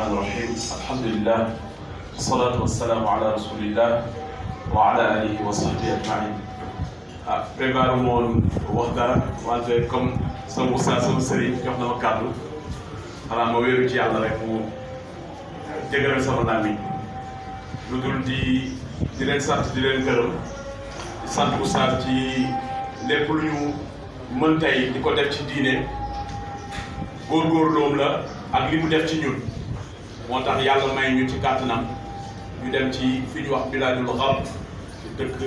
rahmaani rahiim alhamdulilah wasalaatu wasalaamu ala rasulillah wa ala alihi wa sahbihi ajmain ah préparé wu na ma kàddu xanaa ma wéeru ci yàlla rek mu dëgëral sama naam yi lu dul di di leen sant di leen gërëm di sant lu ñu mën tey di ko def ci diine la ak li mu def ci ñun moo tax yàlla may ñu ci kàttanam ñu dem ci fi ñu wax bilaadul xarb ci dëkk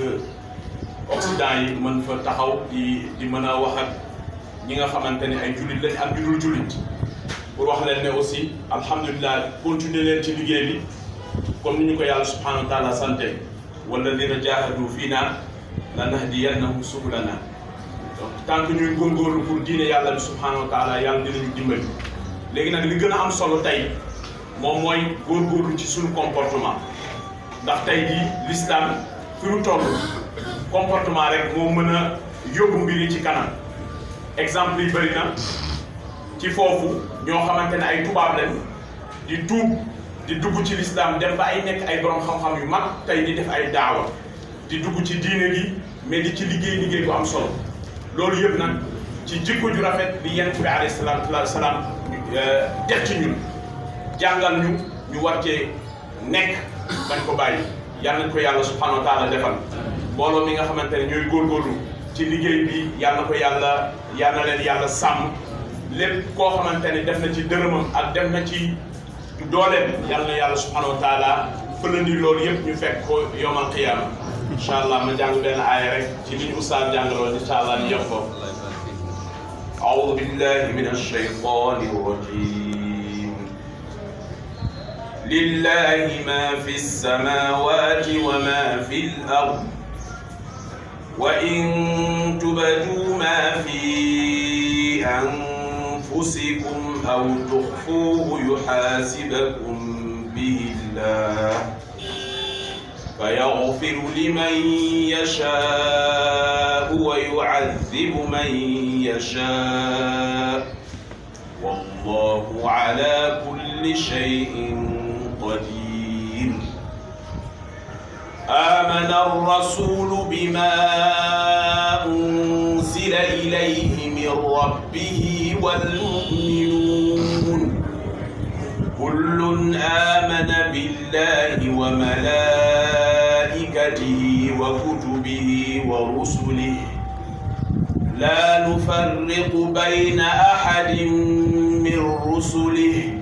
Occident yi mën fa taxaw di di mën a wax ak ñi nga xamante ne ay jullit lañ ak ñu dul jullit pour wax leen ne aussi alhamdulilah continuer leen ci liggéey bi comme nu ñu ko yàlla subhanahu wa taala santé walladina jaahadu fii naa lanahdiyannahum subulana donc tant que ñuy góorgóorlu pour diine yàlla bi subhanahu wa taala yàlla dinañu dimbali léegi nag li gën a am solo tey moom mooy góorgóorlu ci suñu comportement ndax tey jii l'islam fi mu toll comportement rek moo mën a yóbbu mbir ci kanam exemple yi bëri na ci foofu ñoo xamante ne ay tubaab lañ di tuub di dugg ci l'islam dem ba ay nekk ay borom xam-xam yu mag tey di def ay daawa di dugg ci diine gi mais di ci liggéey liggéey bu am solo loolu yëpp nag ci jikko ju rafet di yent bi alayhi salaatu wa salaam euh, def ci ñun jàngal ñu ñu war cee nekk bañ ko bàyyi yal nañ ko yàlla subhanahu wa taala defal mbooloo mi nga xamante ne ñooy góorgóorlu ci liggéey bi yal na ko yàlla yal na yàlla sàmm lépp ko xamante ne def na ci dërëmam ak def na ci dooleem yal na yàlla subhanahu wa taala loolu yëpp ñu fekk ko yomal xiyaama allah ma jàng benn aaya rek ci li ñu ustaas jàngaloon incha allah ñu yokk ko أعوذ بالله من الشيطان الرجيم لله ما في السماوات وما في الأرض وإن تبدوا ما في أنفسكم أو تخفوه يحاسبكم به الله فيغفر لمن يشاء ويعذب من يشاء والله على كل شيء قدير آمن الرسول بما أنزل إليه من ربه والمؤمنون كل آمن بالله وملائكته وكتبه ورسله لا نفرق بين أحد من رسله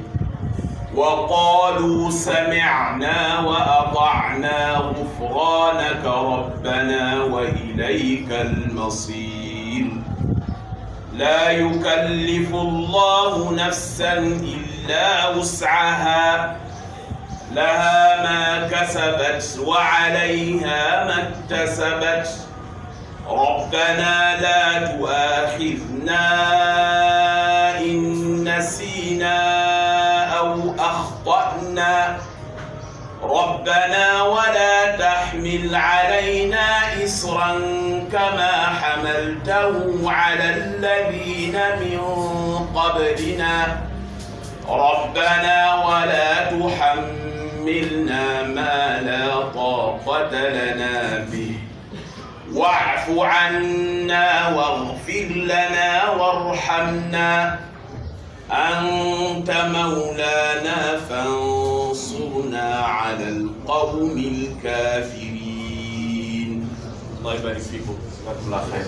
وقالوا سمعنا وأطعنا غفرانك ربنا وإليك المصير لا يكلف الله نفسا إلا وسعها لها ما كسبت وعليها ما اكتسبت ربنا لا تؤاخذنا الحسنى ربنا ولا تحمل علينا إسرا كما حملته على الذين من قبلنا ربنا ولا تحملنا ما لا طاقة لنا به واعف عنا واغفر لنا وارحمنا أنت مولانا فانصرنا تنصرنا على القوم الكافرين الله يبارك فيكم جزاكم الله خير